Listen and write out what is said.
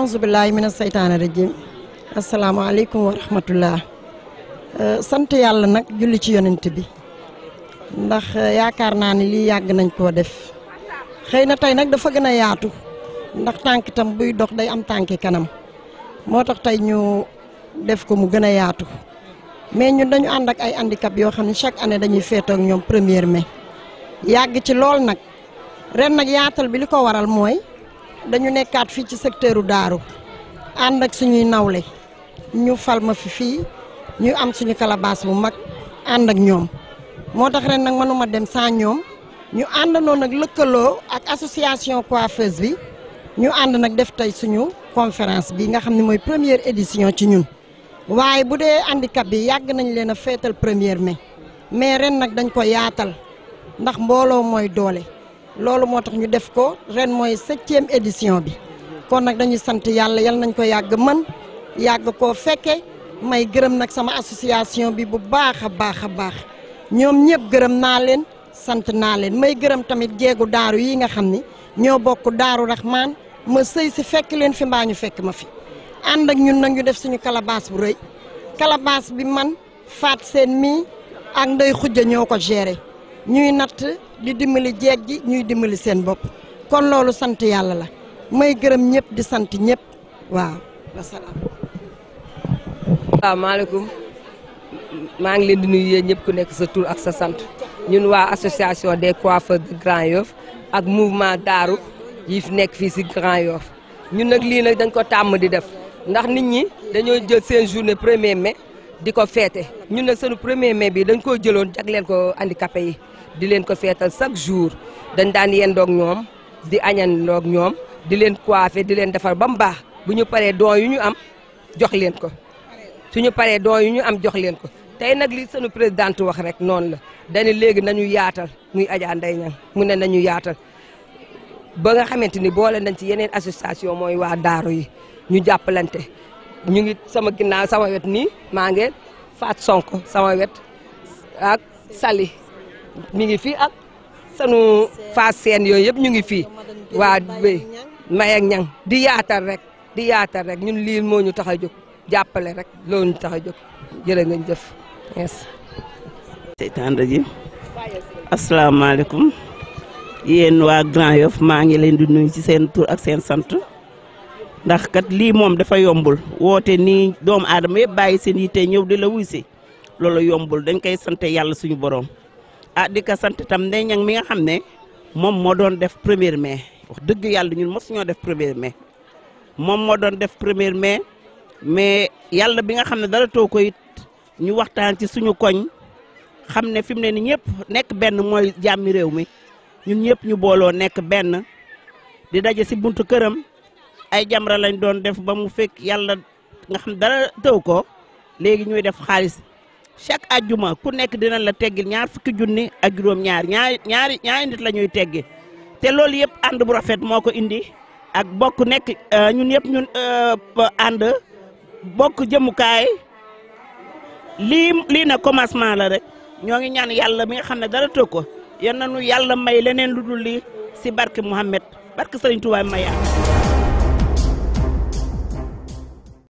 onze euh, billahi mina seytaane rajim asalaamaaleykum wa rahmatullah euh, sant yàlla nag julli ci yonent bi ndax euh, yaakaar naa ni lii yàgg nañ koo def xëy na tey nag dafa gën a yaatu ndax tànk itam buy dox day am tànki kanam moo tax tey ñu def ko mu gën a yaatu mais ñun dañu ànd ak ay handicap yoo xam ne chaque année dañuy féetoo ñoom premier mais yàgg ci lool nag ren nag yaatal bi li ko waral mooy dañu nekkaat fii ci secteur u daaru ànd ak suñuy nawle ñu fal ma fi fii ñu am suñu calebasse bu mag ànd ak ñoom moo tax ren nag mënuma dem sans ñoom ñu àndandoon nag lëkkaloo ak association coiffeuse bi ñu ànd nag def tey suñu conférence bi nga xam ni mooy première édition ci ñun waaye bu dee handicap bi yàgg nañu leen a feetal première mais mais ren nag dañ ko yaatal ndax mbooloo mooy doole loolu moo tax ñu def ko ren mooy septième édition bi kon nag dañuy sant yàlla yal nañ ko yàgg man yàgg koo fekke may gërëm nag sama association bi bu baax a baax a baax ñoom ñëpp gërëm naa leen sant naa leen may gërëm tamit jéegu daaru yi nga xam ni ñoo bokk daaru Rahman ma sëy si fekk leen fi mbaa ñu fekk ma fi ànd ak ñun nag ñu def suñu calebasse bu rëy calebasse bi man faat seen mii ak ndey xujja ñoo ko géré ñuy natt di dimbali jeeg ji ñuy dimbali seen bopp kon loolu sant yàlla la may gërëm ñépp di sant ñëpp waaw wasalaam. asalaamaaleykum maa ngi leen di nuyu yéen ñëpp ku nekk sa tur ak sa sant ñun waa association de coiffeurs de Grand Yoff ak mouvement daaru yi fi nekk fii si Grand Yoff ñun nag lii nag dañ ko tàmm di def ndax nit ñi dañoo jël seen journée premier mai. di ko feete ñu nag sunu premier mai bi dañ koo jëloon jagleel ko handicapé yi di leen ko feetal chaque jour dañ daan yendoog ñoom di añandoog ñoom di leen coiffé di leen defar ba mu baax bu ñu paree don yu ñu am jox leen ko suñu paree don yu ñu am jox leen ko tey nag li sunu présidente wax rek noonu la dañu léegi nañu yaatal muy Adja Ndeye mu ne nañu yaatal ba nga xamante ni boole nañ ci yeneen association mooy waa daaru yi ñu jàppalante ñu ngi sama ginnaaw sama wet nii maa ngi faat Sonko sama wet ak Sali mi ngi fii ak sanu faas seen yooyu yëpp ñu ngi fii waa béy may ak ñang di yaatal rek di yaatal rek ñun lii moo ñu tax a jóg jàppale rek loolu ñu tax a jóg jërë ngeen jëf yes seytaan rajim asalaamaaleykum yéen waa Grand Yoff maa ngi leen di nuyu ci seen tuur ak seen sant ndax kat lii moom dafa yombul woote nii doomu aadama yëpp bàyyi seen te ñëw di la wuy si loolu yombul dañ koy sant yàlla suñu borom ah di ko sant tam Ndeye Niang mi nga xam ne moom moo doon def premier mai wax dëgg yàlla ñun mosuñoo def premier mai moom moo doon def première mai mais yàlla bi nga xam ne dara too ko it ñu waxtaan ci suñu koñ xam ne fi mu ne nii ñëpp nekk benn mooy jàmmi réew mi ñun ñëpp ñu booloo nekk benn di daje si buntu këram. ay jamra lañ doon def ba mu fekk yàlla nga xam dara tëw ko léegi ñuy def xaalis chaque ajjuma ku nekk dinañ la teggil ñaar fukki junni ak juróom-ñaar ñaar ñaari ñaari nit la ñuy teggi te loolu yëpp ànd bu rafet moo ko indi ak bokk nekk euh, ñun yëpp ñun euh, ànd bokk jëmukaay lii lii na commencement la rek ñoo ngi ñaan yàlla mi nga xam ne dara tëw ko yan nañu yàlla may leneen lu dul lii si barke Mouhamed barke Serigne Touba Maya.